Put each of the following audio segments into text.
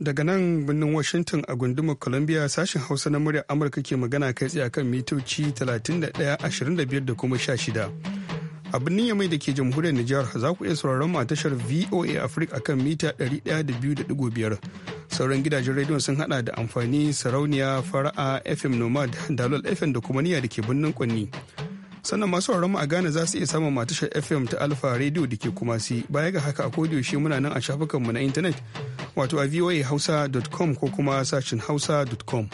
daga nan birnin washington a gundumar columbia sashen hausa na muryar amurka ke magana kai tsaye akan mitoci 31 da kuma 16 a birnin yamai da ke jamhuriyar nijar za ku iya sauraron mu a tashar voa africa akan mita 102.5 sauran gidajen rediyon sun hada da amfani sarauniya fara'a fm nomad dalol fm da kuma niyya da ke birnin kwanni sannan masu mu a Ghana za su iya samun matashar FM ta Alpha Radio da ke kuma si baya ga haka a yaushe muna nan a shafukanmu na intanet wato a voahausa.com ko kuma sashin hausa.com.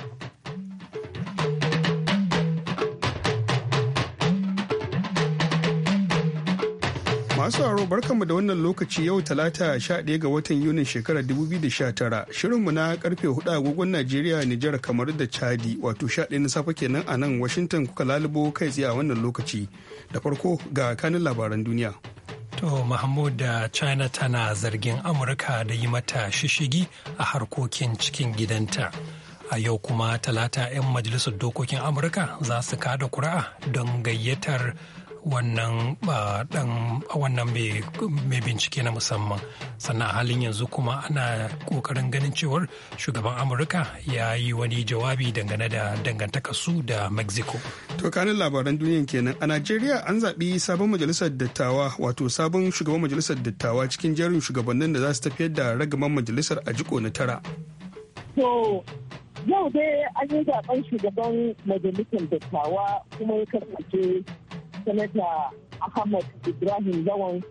Masu haro barkanmu da wannan lokaci yau talata 11 ga watan Yunin shekarar 2019 shirinmu na karfe 4 agogon Najeriya, Nijar, kamar da Chadi wato 11 na safe kenan a nan Washington kuka lalubo kai tsaye a wannan lokaci. Da farko ga kanin labaran duniya. To Mahmud da China tana zargin Amurka da yi mata shishigi a harkokin cikin gidanta. a yau kuma talata 'yan majalisar dokokin amurka za su kada kuri'a don gayyatar wannan ɗan wannan mai bincike na musamman sannan halin yanzu kuma ana kokarin ganin cewar shugaban amurka ya yi wani jawabi dangane da dangantaka su da mexico to kanin labaran duniyan kenan a najeriya an zaɓi sabon majalisar dattawa wato sabon shugaban majalisar dattawa cikin jerin shugabannin da za su tafiyar da ragaman majalisar a jiko na tara to yau dai an yi zaben shugaban majalisar dattawa kuma ya kasance sanata ahmad ibrahim lawan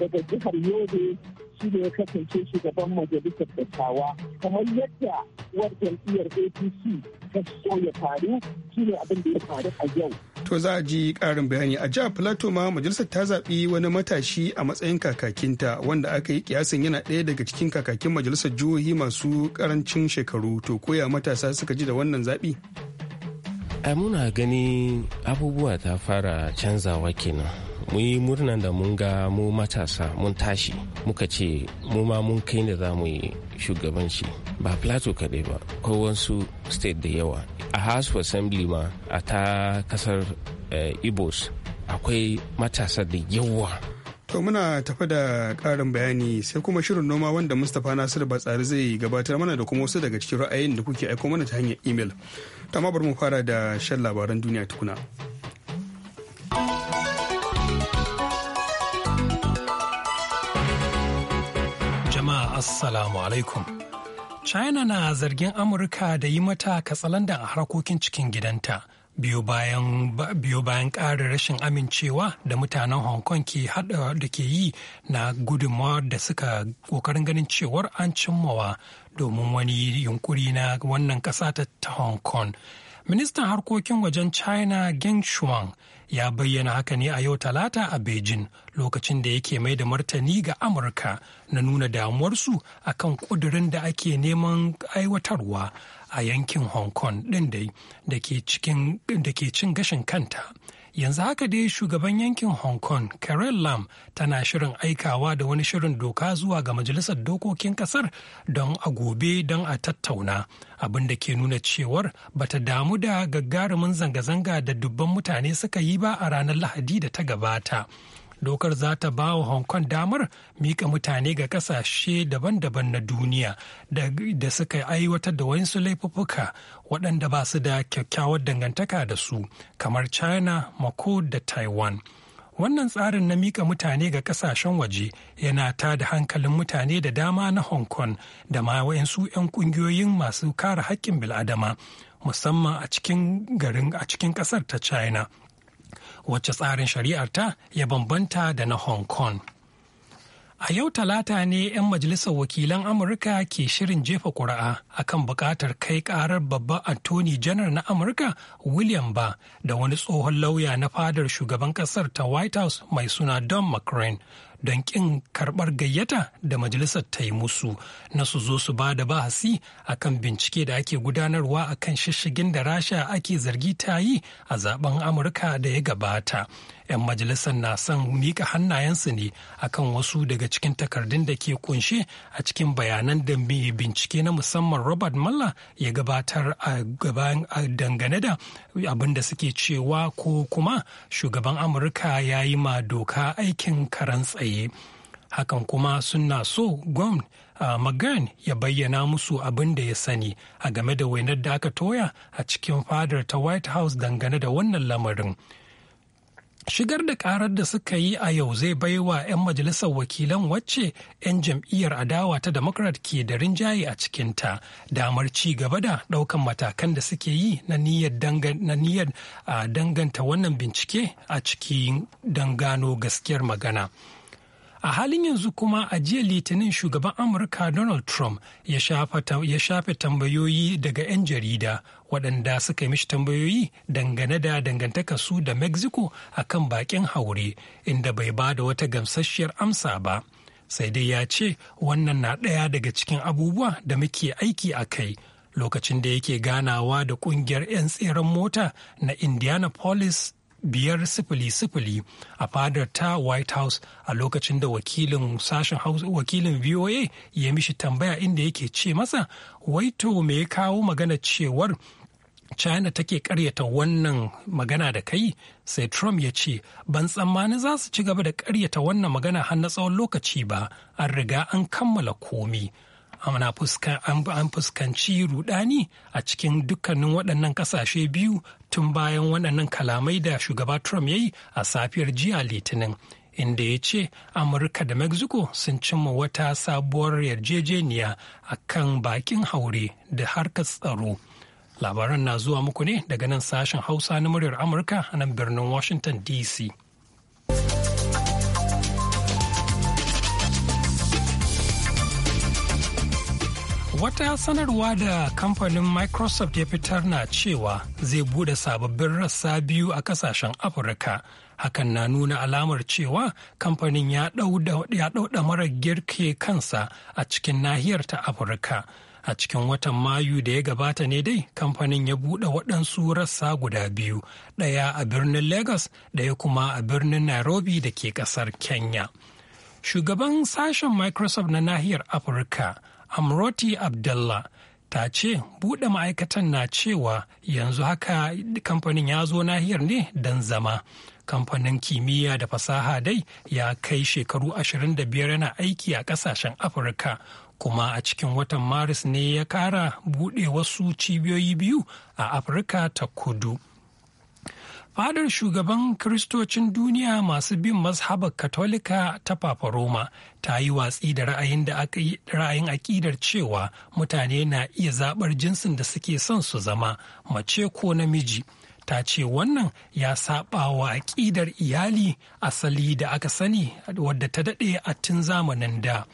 daga jihar yobe shi ne ya kasance shugaban majalisar dattawa kamar yadda uwar jam'iyyar apc ta so ya faru shi ne abin da ya faru a yau to za a ji karin bayani a jihar plateau ma majalisar ta zaɓi wani matashi a matsayin kakakinta wanda aka yi kiyasin yana ɗaya daga cikin kakakin majalisar jihohi masu ƙarancin shekaru to koya matasa suka ji da wannan zaɓi a muna gani abubuwa ta fara canzawa kenan mu yi murnan da mun ga mu matasa mun tashi muka ce mu ma mun kai da za mu yi shugabanci ba plateau kaɗai ba ko wasu state da yawa a house of assembly ma a ta kasar eh, ibos akwai matasa da yawa To muna tafi da ƙarin bayani sai kuma shirin noma wanda Mustapha Nasiru Batsari zai gabatar mana da kuma wasu daga cikin ra'ayin da kuke aiko mana ta hanyar imel. Amma bari mu fara da shan labaran duniya tukuna. Jama'a Assalamu alaikum. China na zargin Amurka da yi mata katsalandan a harkokin cikin gidanta. biyo bayan biyo ƙara rashin amincewa da mutanen hong kong ke hada da ke yi na gudunmawa da suka ƙoƙarin ganin cewar an cimmawa domin wani yunkuri na wannan ƙasa ta hong kong ministan harkokin wajen china geng shuang ya bayyana haka ne a yau talata a beijing lokacin da yake mai da martani ga amurka na nuna damuwarsu akan kudurin da ake neman aiwatarwa a yankin hong kong ɗin dai da ke cin gashin kanta yanzu haka dai shugaban yankin hong kong karen lam tana shirin aikawa da wani shirin doka zuwa ga majalisar dokokin kasar don a gobe don a tattauna abin da ke nuna cewar bata damu da gagarumin zanga-zanga da dubban mutane suka yi ba a ranar lahadi da ta gabata dokar za ta ba wa hong kong damar mika mutane ga kasashe daban-daban na duniya da suka aiwatar da wasu laifuffuka waɗanda ba su da kyakkyawar dangantaka da su kamar china mako da taiwan wannan tsarin na mika mutane ga kasashen waje yana ta da hankalin mutane da dama na hong kong da ma wa'insu 'yan kungiyoyin masu kare haƙƙin bil'adama musamman a cikin garin a cikin ƙasar ta china wacce tsarin shari'arta ya bambanta da na Hong Kong. A yau talata ne 'yan majalisar wakilan Amurka ke shirin jefa ƙuri'a akan buƙatar kai ƙarar babban Attorney General na Amurka William ba da wani tsohon lauya na fadar shugaban ƙasar ta White House mai suna Don McCrane don kin karɓar gayyata da majalisar ta yi musu na su zo su ba da bahasi a kan bincike da ake gudanarwa a kan shishigin da rasha ake zargi ta yi a zaben amurka da ya gabata 'yan majalisar na son mika hannayensu ne akan wasu daga cikin takardun da ke kunshe a cikin bayanan da bincike na musamman robert malla ya gabatar a gaban dangane da abin da suke cewa ko kuma shugaban amurka ya yi ma doka aikin karan tsaye hakan kuma suna so gwam a magan ya bayyana musu abin da ya sani a game da wainar da aka toya a cikin fadar ta white house dangane da wannan lamarin Shigar da karar da suka yi a yau zai baiwa 'yan majalisar wakilan wacce 'yan jam'iyyar adawa ta Democrat ke da rinjaye a cikinta damar ci gaba da ɗaukan matakan da suke yi na niyyar danganta wannan bincike a cikin gano gaskiyar magana. A halin yanzu kuma a jiya Litinin shugaban Amurka Donald Trump ya shafe tambayoyi daga 'yan jarida waɗanda suka yi mishi tambayoyi dangane da dangantaka su da Mexico a kan baƙin haure inda bai ba da wata gamsasshiyar amsa ba. Sai dai ya ce wannan na ɗaya daga cikin abubuwa da muke aiki a kai lokacin da yake ganawa da ƙungiyar 'yan tseren mota na Indianapolis biyar sifili sifili a fadar ta white house a lokacin da wakilin sashen wakilin voa ya mishi tambaya inda yake ce masa waito me ya kawo magana cewar china take karyata wannan magana da kai sai trump ya ce ban tsammani za su ci gaba da karyata wannan magana har na tsawon lokaci ba an riga an kammala komi an fuskanci rudani a cikin dukkanin waɗannan kasashe biyu tun bayan waɗannan kalamai da shugaba Trump ya yi a safiyar jiya Litinin, inda ya ce Amurka da Mexico sun cimma wata sabuwar yarjejeniya a kan bakin haure da harkar tsaro. Labaran na zuwa muku ne daga nan sashen Hausa na muryar Amurka a nan birnin Washington DC. Wata sanarwa da kamfanin Microsoft ya fitar na cewa zai bude sababbin rassa biyu a kasashen Afirka. Hakan na nuna alamar cewa kamfanin ya ɗauɗa mara girke kansa a cikin nahiyar ta Afirka. A cikin watan Mayu da ya gabata ne dai kamfanin ya buɗe waɗansu rassa guda biyu, ɗaya a birnin Lagos, ɗaya kuma a birnin Nairobi da ke ƙasar Kenya. Shugaban sashen Microsoft na nahiyar Afirka. amroti abdallah ta ce buɗe ma'aikatan na cewa yanzu haka kamfanin ya zo nahiyar ne don zama kamfanin kimiyya da fasaha dai ya kai shekaru 25 yana aiki a ƙasashen afirka kuma a cikin watan maris ne ya kara buɗe wasu cibiyoyi biyu a afirka ta kudu fadar shugaban Kiristocin duniya masu bin mazhabar katolika ta papa roma ta yi watsi da ra'ayin da ra'ayin akidar cewa mutane na iya zabar jinsin da suke son su zama mace ko namiji ta ce wannan ya saba wa akidar iyali asali da aka sani wadda ta daɗe a tun zamanin da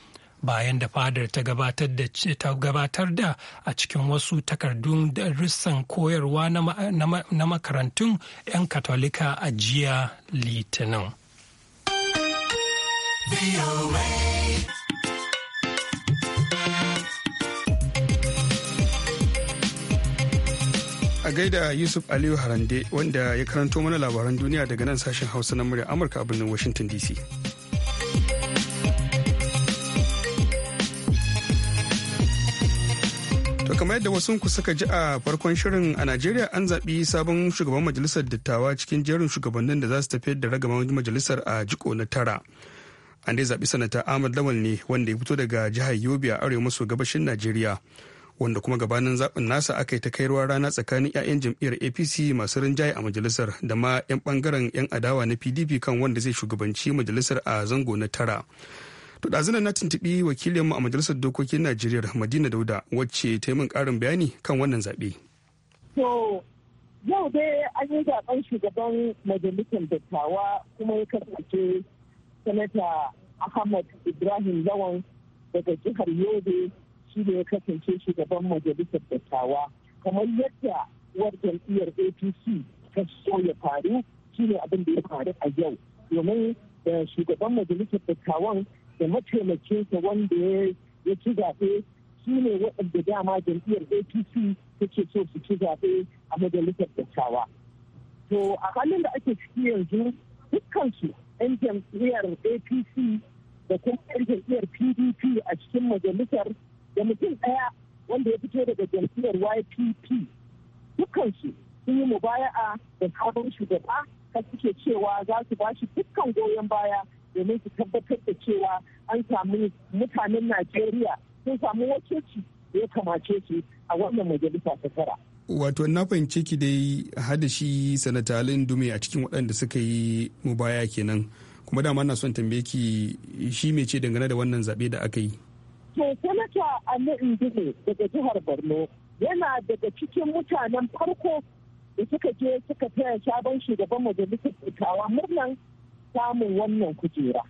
bayan da fadar ta gabatar da a cikin wasu takardun darussan koyarwa na makarantun 'yan katolika a jiya litinin. a gaida yusuf aliyu harande wanda ya karanto mana labaran duniya daga nan sashen hausa na murya amurka a birnin washington dc To kamar yadda wasu ku suka ji a farkon shirin a Najeriya an zaɓi sabon shugaban majalisar dattawa cikin jerin shugabannin da za su tafiyar da ragaman majalisar a jiko na tara. An dai zaɓi sanata Ahmad Lawal ne wanda ya fito daga jihar Yobe a arewa maso gabashin Najeriya. Wanda kuma gabanin zaɓin nasa aka yi ta kairuwa rana tsakanin 'ya'yan jam'iyyar APC masu rinjaye a majalisar da ma 'yan ɓangaren 'yan adawa na PDP kan wanda zai shugabanci majalisar a zango na tara. To ɗazunan na tuntuɓi wakilinmu a Majalisar Dokokin Najeriya Madina Dauda wacce ta yi min ƙarin bayani kan wannan zaɓe. To yau dai an yi zaɓen shugaban majalisar dattawa kuma ya kasance sanata Ahmad Ibrahim Lawan daga jihar Yobe shi ne ya kasance shugaban majalisar dattawa. Kamar yadda uwar jam'iyyar APC ta so ya faru shi ne abin da ya faru a yau. Domin da eh, shugaban majalisar dattawan da mataimakinsa wanda ya ci zaɓe su ne waɗanda dama jam'iyyar apc take so su ci zaɓe a majalisar dattawa to a halin da ake ciki yanzu dukkansu 'yan jam'iyyar apc da kuma 'yan jam'iyyar pdp a cikin majalisar da mutum ɗaya wanda ya fito daga jam'iyyar ypp dukkansu sun yi mubaya'a da sabon shugaba kan suke cewa za su ba shi dukkan goyon baya domin su tabbatar da cewa an samu mutanen najeriya sun samu wakilci da ya kamace su a wannan majalisa ta tara wato na fahimce ki dai hada shi sanatalin dume a cikin waɗanda suka yi mu baya kenan kuma dama na son tambaye ki shi mai ce dangane da wannan zaɓe da aka yi to sanata ali dume daga jihar borno yana daga cikin mutanen farko da suka je suka taya sabon shugaban majalisar dattawa murnan samun wannan kujera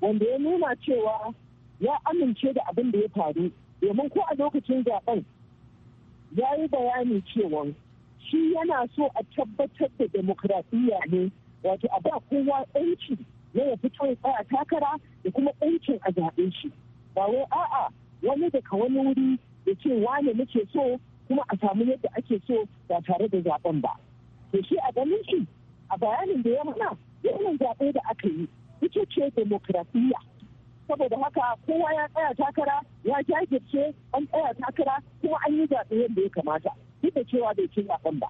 wanda ya nuna cewa ya amince da abin da ya faru domin ko a lokacin zaben ya yi bayani cewa shi yana so a tabbatar da demokradiyya ne wato a ba kowa 'yanci na ya fito ya tsaya takara da kuma 'yancin a zaɓe shi ba wai a'a wani daga wani wuri ya ce wane muke so kuma a samu yadda ake so ba tare da zaben ba to shi a ganin shi a bayanin da ya mana wannan zaɓe da aka yi ita ce demokrasiya saboda haka kowa ya tsaya takara ya jajirce an tsaya takara kuma an yi zaɓe yadda ya kamata duk da cewa bai ci zaɓen ba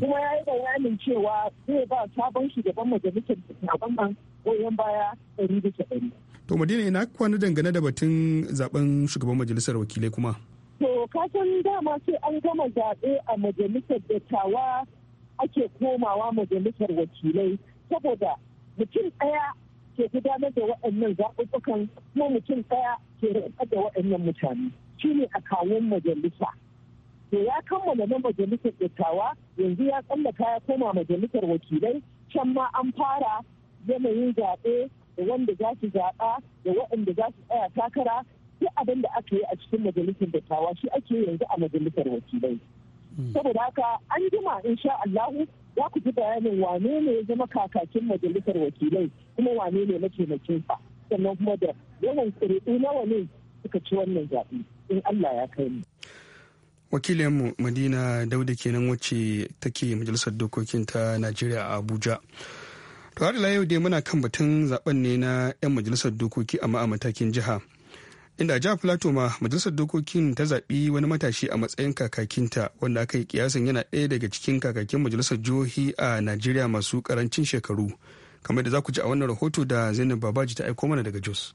kuma ya yi bayanin cewa zai ba sabon shugaban majalisar zaben nan goyon baya ɗari bisa ɗari. to madina ina kwana dangane da batun zaben shugaban majalisar wakilai kuma. to kasan dama sai an gama zaɓe a majalisar dattawa ake komawa majalisar wakilai saboda mutum ɗaya ke gudanar da waɗannan zaɓuɓɓukan kuma mutum ɗaya ke rikar da waɗannan mutane shine a kawun majalisa to ya kammala na majalisar dattawa yanzu ya tsallaka ya koma majalisar wakilai can ma an fara yanayin zaɓe da wanda za su zaɓa da waɗanda za su tsaya takara duk abin da aka yi a cikin majalisar dattawa shi ake yanzu a majalisar wakilai Mm. saboda haka an jima sha Allahu za ku ji bayanin wane ne ya zama kakakin majalisar wakilai kuma wane ne mataimakinsa sannan kuma da yawan kuri'u nawa ne suka ci wannan zaɓe in Allah ya kai mu. wakilin madina dauda kenan wacce take majalisar dokokin ta najeriya a abuja to har yau dai muna kan batun zaben ne na 'yan majalisar dokoki amma a matakin jiha inda a jihar plateau ma majalisar dokokin ta zaɓi wani matashi a matsayin kakakinta wanda aka yi kiyasin yana ɗaya daga cikin kakakin majalisar jihohi a najeriya masu karancin shekaru kamar da za ku ji a wannan rahoto da zainab babaji ta aiko mana daga jos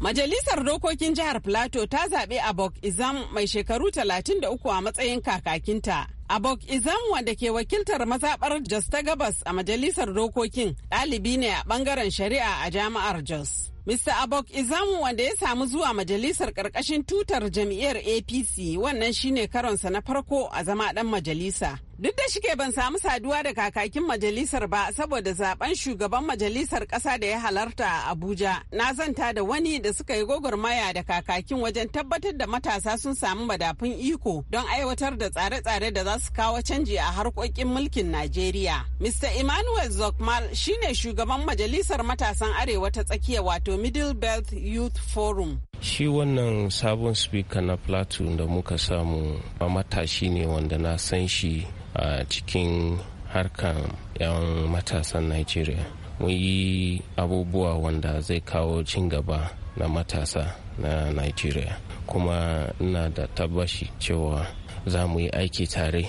Majalisar Dokokin Jihar Plateau ta zaɓi Abok Izam mai shekaru 33 a matsayin kakakinta. Abok Izamwa wanda ke wakiltar mazaɓar Jos ta Gabas a Majalisar Dokokin ɗalibi ne a ɓangaren shari'a a jami'ar Jos. Mr. Abok izam wanda ya samu zuwa majalisar ƙarƙashin tutar jam'iyyar APC wannan shine karonsa na farko a zama ɗan majalisa. Duk da shike ban samu saduwa da kakakin majalisar ba saboda zaben shugaban majalisar kasa da ya halarta a Abuja. Na zanta da wani da suka yi gwagwarmaya da kakakin wajen tabbatar da matasa sun samu madafun iko don aiwatar da tsare-tsare da za su kawo canji a harkokin mulkin Najeriya. Mr. Emmanuel Zokmal shine shugaban majalisar matasan Arewa ta tsakiya wato Middle Belt Youth Forum. shi wannan sabon speaker na plateau da muka samu matashi ne wanda na san shi a cikin harkan 'yan matasan nigeria mun yi abubuwa wanda zai kawo cin gaba na matasa na nigeria kuma ina da tabbashi cewa za mu yi aiki tare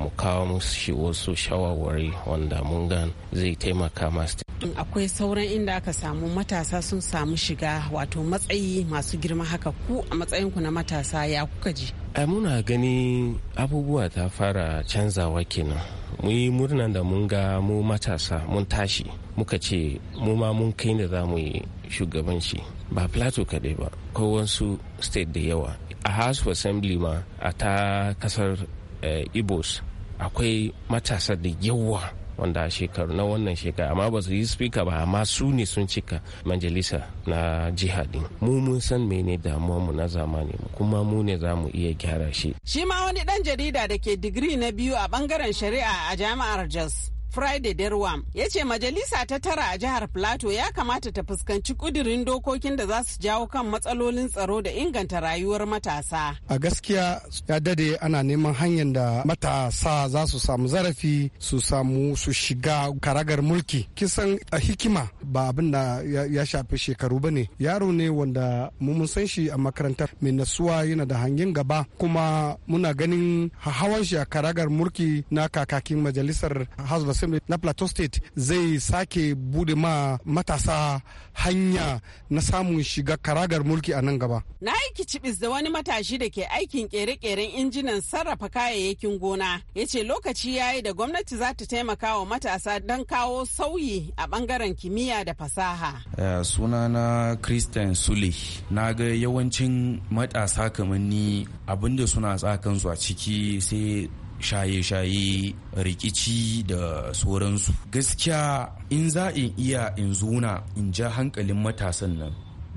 mu kawo musu wasu shawarwari wanda mun gan zai taimaka masu akwai sauran inda aka samu matasa sun samu shiga wato matsayi masu girma haka ku a matsayinku na matasa ya kuka ji ai muna gani abubuwa ta fara canzawa kenan mu yi murnan da mun ga mu matasa mun tashi muka ce mu ma mun kai da za mu yi shugabanci ba plateau kaɗai ba ko wasu state da yawa a house of assembly ma a ta kasar Eh, ibos akwai matasa da yawa wanda shekaru na wannan shekara amma ba su yi spika ba amma su ne sun cika majalisa na jiha mu mun san mene damuwa mu na zamani kuma mu ne za mu iya gyara shi shi ma wani dan jarida da ke digiri na biyu a bangaren shari'a a jami'ar jos Friday Derwam ya ce majalisa ta tara a jihar Plateau ya kamata ta fuskanci kudirin dokokin da za su jawo kan matsalolin tsaro da inganta rayuwar matasa. A gaskiya ya dade ana neman hanyar da matasa za su samu zarafi su samu su shiga karagar mulki. Kisan a hikima ba abin da ya shafi shekaru ba ne. Yaro ne wanda mun san shi a makarantar mai nasuwa yana da hangen gaba kuma muna ganin hawan shi a karagar mulki na kakakin majalisar Hasbas assembly na plateau state zai sake bude ma matasa hanya na samun shiga karagar mulki a nan gaba na aiki cibis da wani matashi da ke aikin kere-keren injinan sarrafa kayayyakin gona ya ce lokaci ya yi da gwamnati za ta taimaka wa matasa don kawo sauyi a bangaren kimiyya da fasaha eh, sunana christian sule na ga yawancin matasa kamar ni abinda suna tsakansu a ciki sai shaye-shaye rikici da sauransu gaskiya in za in iya in zuna in ja hankalin matasan nan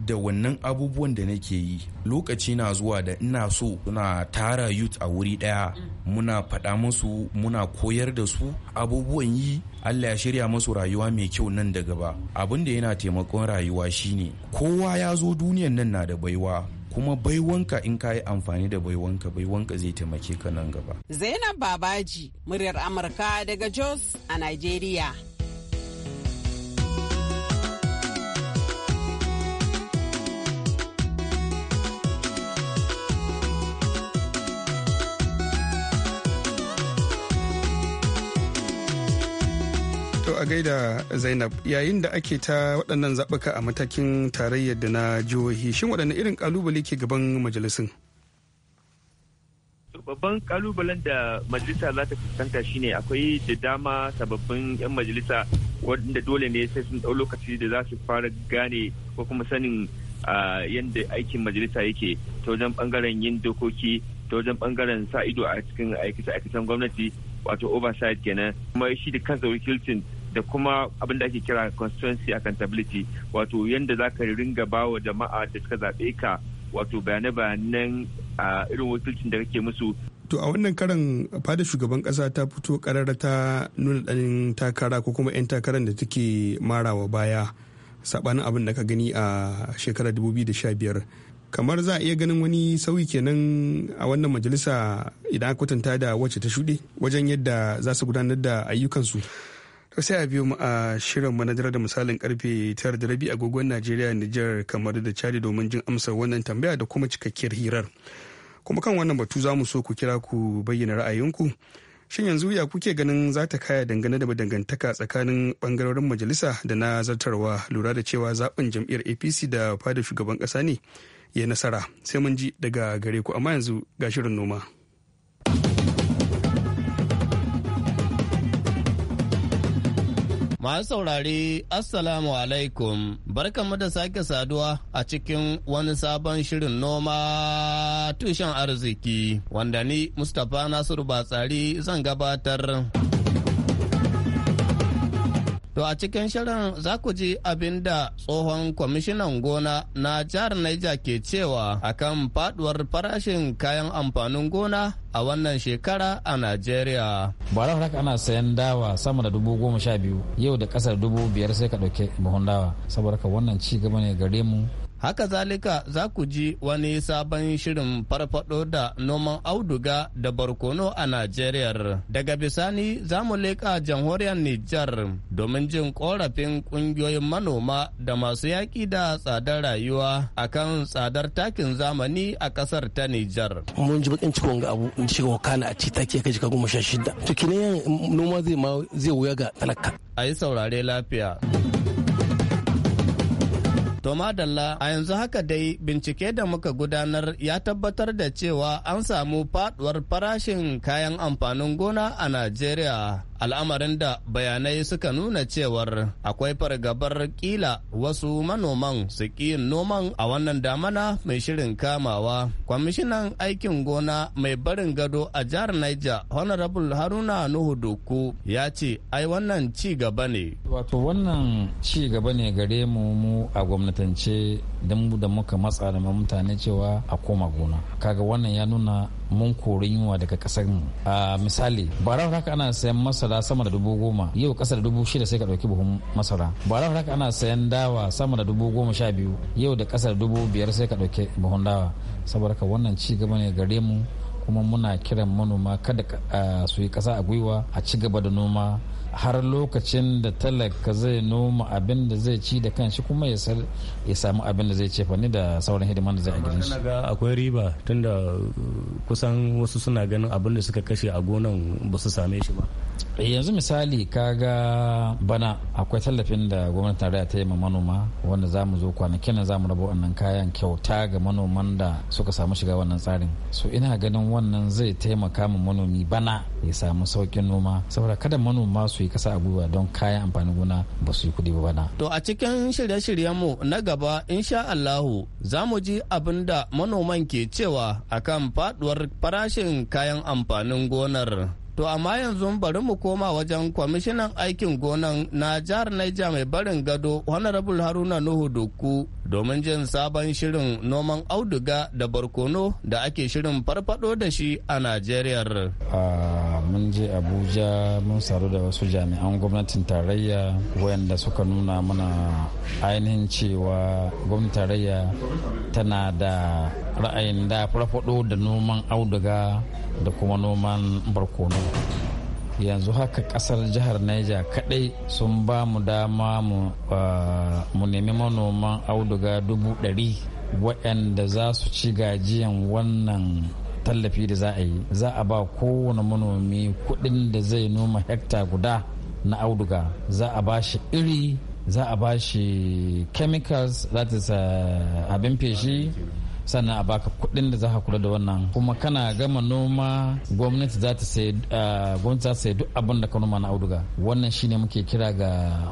da wannan abubuwan da nake yi lokaci na zuwa da ina so suna tara youth a wuri daya muna faɗa musu muna koyar da su abubuwan yi Allah ya shirya masu rayuwa mai kyau nan da gaba abin da yana taimakon rayuwa shine kowa ya zo duniyan nan na da baiwa kuma baiwanka in ka yi amfani da baiwanka baiwanka zai taimake ka nan gaba zainab babaji muryar amurka daga jos a nigeria a gaida Zainab yayin da ake ta waɗannan zaɓuka a matakin tarayyar da na jihohi shin waɗanne irin ƙalubale ke gaban majalisun? babban kalubalen da majalisa za ta fuskanta shine akwai da dama sababbin 'yan majalisa wanda dole ne sai sun ɗau lokaci da za su fara gane ko kuma sanin yadda aikin majalisa yake ta wajen bangaren yin dokoki ta wajen bangaren sa ido a cikin aikace-aikacen gwamnati wato oversight kenan kuma shi da kansa wakilcin da kuma abin da ake kira constituency accountability wato yadda za ka ringa ba wa jama'a da suka zaɓe ka wato bayane bayanan irin wakilcin da kake musu to a wannan karan fada shugaban kasa ta fito karara ta nuna ɗanin takara ko kuma 'yan takarar da take marawa baya saɓanin abin da ka gani a shekarar 2015 kamar za a iya ganin wani sauyi kenan a wannan majalisa idan kwatanta da wacce ta shuɗe wajen yadda za su gudanar da ayyukansu To sai a biyo mu a shirin manajar da misalin karfe tara da rabi agogon Najeriya Nijar kamar da Chadi domin jin amsar wannan tambaya da kuma cikakkiyar hirar. Kuma kan wannan batu za mu so ku kira ku bayyana ra'ayinku. Shin yanzu ya kuke ganin za ta kaya dangane da dangantaka tsakanin bangarorin majalisa da na zartarwa lura da cewa zaben jam'iyyar APC da fada shugaban ƙasa ne ya nasara sai mun ji daga gare ku amma yanzu ga shirin noma. Masu saurari Assalamu alaikum, barkanmu da sake saduwa a cikin wani sabon shirin noma tushen arziki, wanda ni Mustapha Nasiru Batsari zan gabatar. To a cikin shirin za ku ji abin da tsohon kwamishinan gona na jihar Naija ke cewa akan faduwar farashin kayan amfanin gona a wannan shekara a Najeriya. Bara haka ana sayan dawa sama da dubu goma sha biyu yau da kasar dubu biyar sai ka ɗauke buhun dawa saboda ka wannan ci gaba ne gare mu Haka zalika za ku ji wani sabon shirin farfado da noman auduga da barkono a Najeriya. Daga bisani za mu leƙa jamhuriyar Nijar domin jin korafin ƙungiyoyin manoma da masu yaƙi da tsadar rayuwa a kan tsadar takin zamani a ƙasar ta Nijar. Mun ji baƙin cikin ga abu in shiga wakana a ci goma sha shida. To noma zai wuya ga talaka. A yi saurare lafiya. To madalla a yanzu haka dai bincike da muka gudanar ya tabbatar da cewa an samu faduwar farashin kayan amfanin gona a Najeriya. al'amarin da bayanai suka nuna cewar akwai fargabar kila wasu manoman su yin noman a wannan damana mai shirin kamawa kwamishinan aikin gona mai barin gado a jihar niger honorable haruna nuhu doku ya ce ai wannan ci gaba ne wato wannan ci gaba ne gare mu mu a gwamnatance don mu da muka matsa da mutane cewa a koma gona kaga wannan ya nuna mun kori yunwa daga kasar mu a misali bara haka ana sayan masara sama da dubu goma yau kasa da dubu shida sai ka dauki buhun masara bara haka ana sayan dawa sama da dubu goma sha biyu yau da kasa da dubu biyar sai ka dauki buhun dawa saboda ka wannan ci gaba ne gare mu kuma muna kiran manoma kada su yi kasa a gwiwa a ci gaba da noma har lokacin da talaka zai noma abin da zai ci da kanshi kuma ya samu abin da zai ce fanni da sauran hidiman da zai a shi ga akwai riba tunda uh, kusan wasu suna ganin abin da suka kashe a gonan ba su same shi ba Eh, yanzu misali kaga bana akwai tallafin da gwamnati tarayya ta yi ma manoma wanda za mu zo kwanakin nan za mu raba wannan kayan kyauta ga manoman da suka samu shiga wannan tsarin so ina ganin wannan zai taimaka ma manomi bana ya samu saukin noma saboda kada manoma su yi kasa a gwiwa don kayan amfanin gona ba su yi kuɗi ba bana. to a cikin shirye-shiryen mu na gaba insha Allahu za mu ji abin da manoman ke cewa akan faduwar farashin kayan amfanin gonar. To amma yanzu bari mu koma wajen kwamishinan aikin gonan na jihar naija mai barin gado Honorable Haruna Nuhu Doku domin jin sabon shirin noman auduga da barkono da ake shirin farfado da shi a nigeria. mun je Abuja mun saru da wasu jami'an gwamnatin tarayya wayanda suka nuna mana ainihin cewa gwamnatin tarayya tana da ra'ayin da farfado da noman auduga da kuma noman barkono yanzu haka kasar jihar niger kadai sun ba mu dama mu nemi manoman auduga dubu ɗari waɗanda za su ci gajiyan wannan tallafi da za a yi za a ba kowane manomi kuɗin da zai noma hekta guda na auduga za a ba shi iri za a ba shi chemicals that is eh, abin feshi sannan a baka kuɗin da za ka kula da wannan kuma kana gama noma gwamnati za ta sai gwamnati za ta sai duk abin da ka noma na auduga wannan shine muke kira ga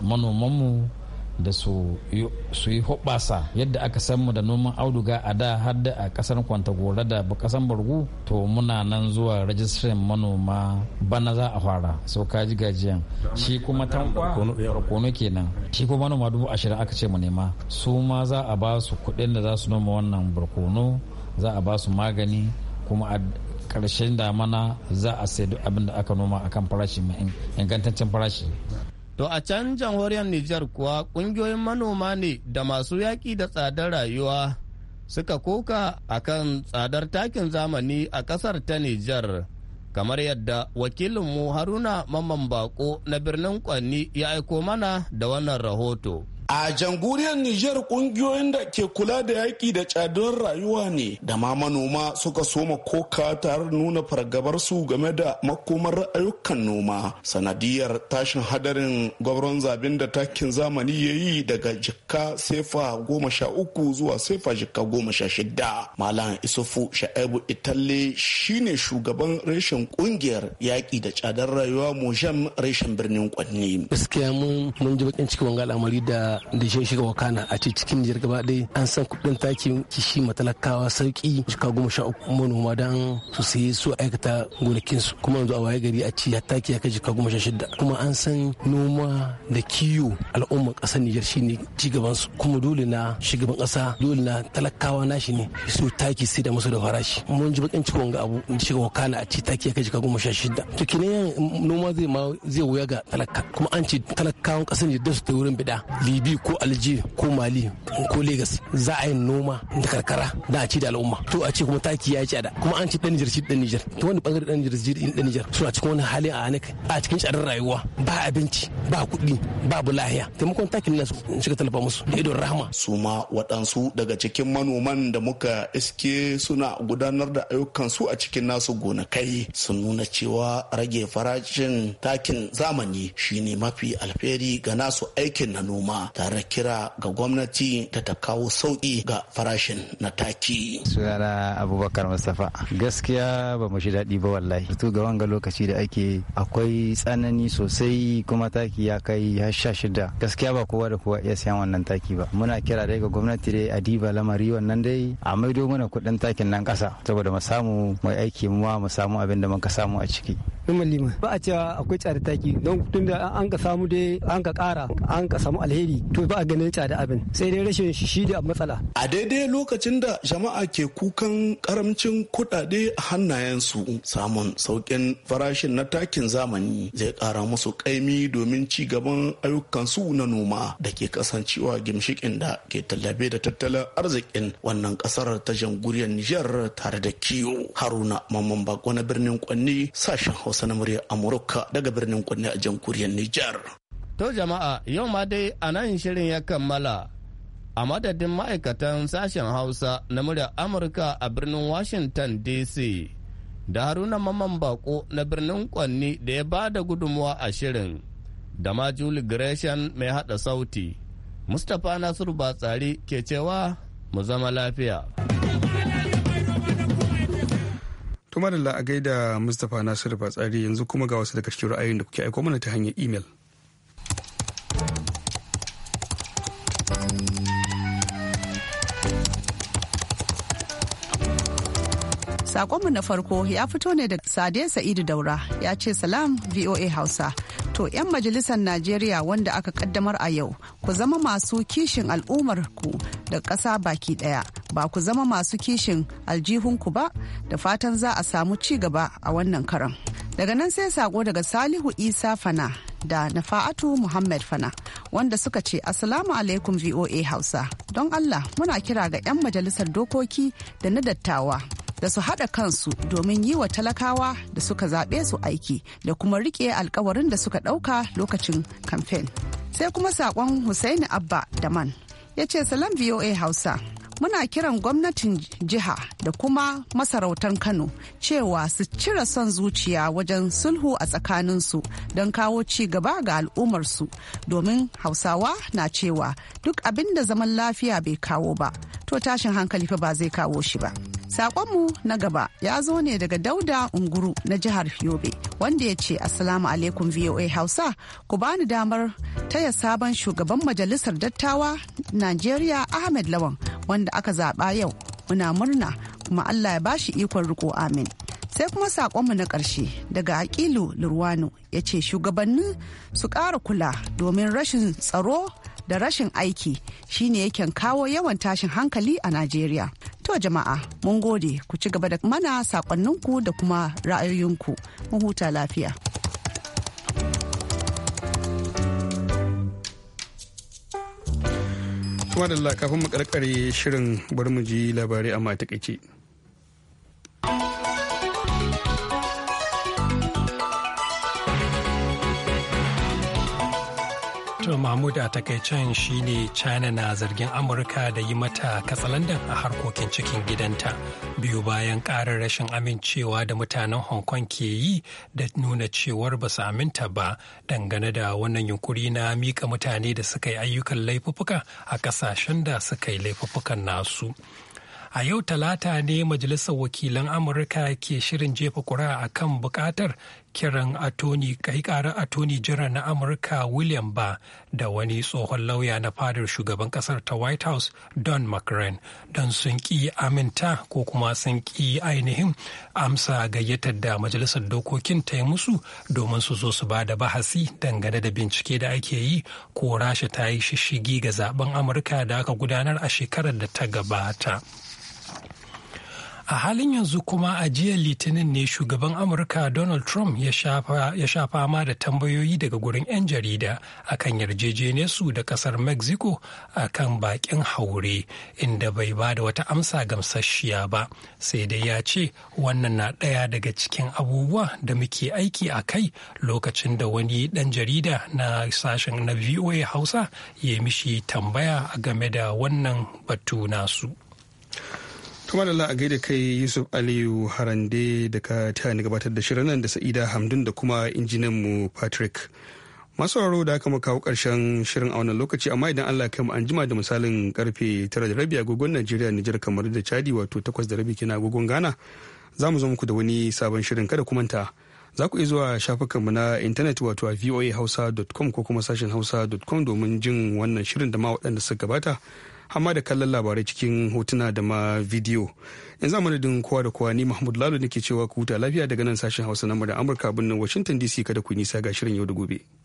manomanmu da su yi hoɓasa yadda aka san mu da noman auduga a da har da a kasar kwantagora da kasan bargu to muna nan zuwa rajistrin manoma bana za a fara sau kaji gajiyan shi kuma tankwa kono kenan shi kuma manoma dubu ashirin aka ce mu nema su ma za a ba su kuɗin da za su noma wannan barkono za a ba su magani kuma a ƙarshen damana za a sai duk abin da aka noma akan farashi mai ingantaccen farashi To a can jamhuriyar Nijar kuwa ƙungiyoyin manoma ne da masu yaƙi da tsadar rayuwa suka koka a kan tsadar takin zamani a ƙasar ta Nijar. Kamar yadda wakilinmu Haruna Mamman Bako na birnin Kwanni ya aiko mana da wannan rahoto. A janguriyar Nijar kungiyoyin da ke kula da yaƙi da tsadar rayuwa ne da ma manoma suka soma koka tare nuna fargabar su game da makomar ayyukan noma sanadiyar tashin hadarin gwabron zabin da takin zamani ya yi daga jikka sefa goma sha uku zuwa sefa jikka goma sha shida. Malam Isufu Sha'ibu Italle shine shugaban reshen kungiyar yaƙi da tsadar rayuwa Mojam reshen birnin Kwanne. Gaskiya mun ji bakin cikin wanga al'amari da da shi shiga wakana a cikin jirgin gaba ɗaya an san kuɗin takin kishi matalakawa sauki shika goma sha uku manoma dan su sayi su aikata gonakinsu kuma yanzu a waye gari a ci ya taki ya kai shika goma sha shida kuma an san noma da kiwo al'ummar ƙasar Nijar shine cigaban su kuma dole na shugaban ƙasa dole na talakawa na shi ne su taki sai da musu da farashi mun ji bakin cikon ga abu shiga wakana a ci taki ya kai shika goma sha shida to kenan noma zai ma zai wuya ga talaka kuma an ce talakawan ƙasar Nijar da su ta wurin bida dibi ko alje ko mali ko legas za a yi noma da karkara da a ci da al'umma to a ce kuma taki ya ci da kuma an ci dan niger ci dan niger to wani bangare dan niger ci dan nijar suna cikin wani hali a hanaka a cikin tsadar rayuwa ba abinci ba kuɗi babu lahiya taimakon takin su shiga talaba musu da idon rahama su ma waɗansu daga cikin manoman da muka iske suna gudanar da ayyukan su a cikin nasu gonakai sun nuna cewa rage farashin takin zamani shine mafi alferi ga nasu aikin na noma tare da kira ga gwamnati da ta kawo sauki ga farashin na taki. Sunana Abubakar Mustapha. Gaskiya ba mu shi daɗi ba wallahi. Tu ga wanga lokaci da ake akwai tsanani sosai kuma taki ya kai har sha shida. Gaskiya ba kowa da kowa iya siyan wannan taki ba. Muna kira dai ga gwamnati dai a diba lamari wannan dai a maido mana kuɗin takin nan ƙasa saboda mu samu mai aiki mu mu samu abin da muka samu a ciki. Ba a cewa akwai tsare taki don tunda an ka samu dai an ka ƙara an ka samu alheri to ba a ganin da abin sai dai rashin shi da matsala. A daidai lokacin da jama'a ke kukan karamcin kuɗaɗe a hannayensu samun sauƙin farashin na takin zamani zai ƙara musu ƙaimi domin ci gaban ayyukansu na noma da ke kasancewa gimshikin da ke tallabe da tattalin arzikin wannan ƙasar ta janguriyar Nijar tare da kiwo. Haruna Mamman bakwai na birnin Kwanni sashen Hausa na murya Amurka daga birnin Kwanni a jamhuriyar Nijar. To jama'a yau ma dai a nan shirin ya kammala a madadin ma'aikatan sashen Hausa na murya Amurka a birnin Washington DC da Haruna Maman Bako na birnin Kwanni da ya ba da gudunmuwa a shirin da ma Julie Gresham mai hada sauti. Mustapha Nasiru Batsari ke cewa mu zama lafiya. Tumar da la'agai da Mustapha Nasiru Batsari yanzu kuma ga wasu daga cikin ra'ayin da kuke aiko mana ta hanyar imel. Sakonmu na farko ya fito ne da Sade Sa'idu Daura ya ce salam VOA Hausa. To 'yan majalisar Najeriya wanda aka kaddamar a yau ku zama masu kishin al'ummar ku da ƙasa baki ɗaya ba ku zama masu kishin aljihunku ba da fatan za a samu ci gaba a wannan karan. Daga nan sai sako daga Salihu Isa Fana da Nafa'atu Muhammad Fana wanda suka ce asalamu alaikum VOA Hausa. Don Allah muna kira ga 'yan majalisar dokoki da na dattawa da su haɗa kansu domin yi wa talakawa da suka zaɓe su aiki da kuma riƙe alkawarin da suka ɗauka lokacin kamfen. Sai kuma saƙon Hussaini Abba da man ya ce salam VOA Hausa. muna kiran gwamnatin jiha da kuma masarautar kano cewa su cire son zuciya wajen sulhu a tsakaninsu don kawo ci gaba ga al'ummarsu domin hausawa na cewa duk abin da zaman lafiya bai kawo ba to tashin hankali fa ba zai kawo shi ba saƙonmu na gaba ya zo ne daga dauda unguru na jihar yobe wanda ya ce asalamu alaikum VOA Hausa ku bani damar taya sabon shugaban majalisar dattawa Najeriya Ahmed Lawan wanda aka zaɓa yau muna murna kuma Allah ya bashi ikon riko amin. sai kuma saƙonmu na ƙarshe daga aƙilu lurwano ya ce shugabannin su ƙara kula domin rashin tsaro da rashin aiki shine yake kawo yawan tashin hankali a Najeriya. To jama'a mun gode ku ci gaba da mana sakonninku da kuma ra'ayoyinku. Mu huta lafiya. Tumadalla kafin mu karkare shirin bari mu ji labarai amma takaice. Bashir Mahmud a takaicen shine China na zargin Amurka da yi mata katsalandan a harkokin cikin gidanta biyu bayan ƙarar rashin amincewa da mutanen Hong Kong ke yi da nuna cewar ba su aminta ba dangane da wannan yunkuri na mika mutane da suka yi ayyukan laifuffuka a ƙasashen da suka yi laifuffukan nasu. a yau talata ne majalisar wakilan amurka ke shirin jefa kuri'a akan kan bukatar kiran atoni kai karar atoni jira na amurka william ba da wani tsohon lauya na fadar shugaban kasar ta white house don mcrain don sun ki aminta ko kuma sun ki ainihin amsa gayyatar da majalisar dokokin ta yi musu domin su zo su ba da bahasi dangane da bincike da ake yi ko rasha ta yi shishigi ga zaben amurka da aka gudanar a shekarar da ta gabata. a halin yanzu kuma a jiya litinin ne shugaban amurka donald trump ya sha fama da tambayoyi daga gurin 'yan jarida akan yarjejeniyarsu da kasar mexico akan bakin haure inda bai ba da wata amsa gamsasshiya ba sai dai ya ce wannan na ɗaya daga cikin abubuwa da muke aiki a kai lokacin da wani ɗan jarida na sashen na voa hausa ya mishi tambaya game da wannan batu nasu. kamar da a gaida kai yusuf aliyu harande da ka taya ni gabatar da shirin nan da sa'ida hamdun da kuma injinan mu patrick masu sauraro da aka kawo karshen shirin a wannan lokaci amma idan allah kai mu an jima da misalin karfe tara da rabi agogon najeriya nijar kamar da chadi wato takwas da rabi kina agogon ghana za mu zo muku da wani sabon shirin kada ku manta za ku iya zuwa mu na intanet wato a voahausa.com ko kuma sashen hausa.com domin jin wannan shirin da ma waɗanda suka gabata amma da kallon labarai cikin hotuna da ma bidiyo yanzu a madadin kowa da kowa ni mahmud lalo nake cewa ku huta lafiya daga nan sashen hausa na amurka birnin washington dc kada ku nisa ga shirin yau da gobe.